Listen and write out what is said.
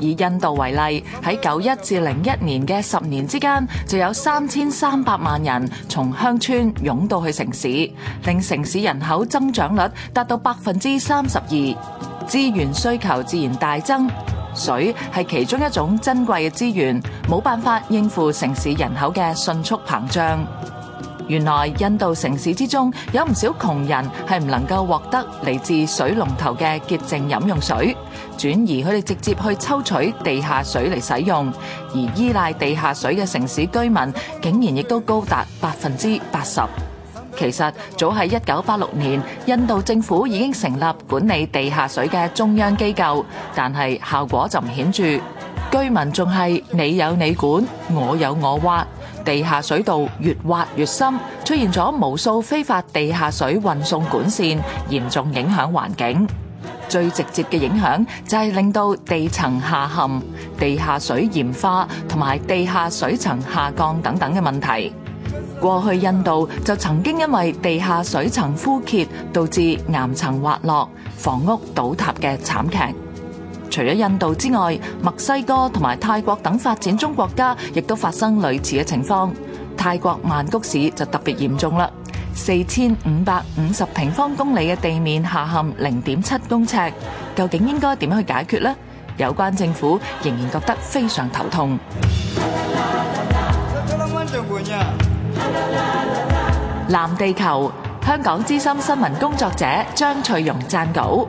以印度為例，喺九一至零一年嘅十年之間，就有三千三百萬人從鄉村湧到去城市，令城市人口增長率達到百分之三十二，資源需求自然大增。水係其中一種珍貴嘅資源，冇辦法應付城市人口嘅迅速膨脹。原來，印度城市之中，有唔少窮人係唔能夠獲得嚟自水龍頭嘅潔淨飲用水，轉移佢哋直接去抽取地下水嚟使用。而依賴地下水嘅城市居民竟然亦都高達百分之八十。其實，早喺一九八六年，印度政府已經成立管理地下水嘅中央機構，但係效果就唔顯著。居民仲係你有你管，我有我挖。地下水道越挖越深，出現咗無數非法地下水運送管線，嚴重影響環境。最直接嘅影響就係令到地層下陷、地下水鹽化同埋地下水層下降等等嘅問題。過去印度就曾經因為地下水層枯竭，導致岩層滑落、房屋倒塌嘅慘劇。除咗印度之外，墨西哥同埋泰國等發展中國家亦都發生類似嘅情況。泰國曼谷市就特別嚴重啦，四千五百五十平方公里嘅地面下陷零點七公尺，究竟應該點樣去解決呢？有關政府仍然覺得非常頭痛。藍地球香港資深新聞工作者張翠蓉撰稿。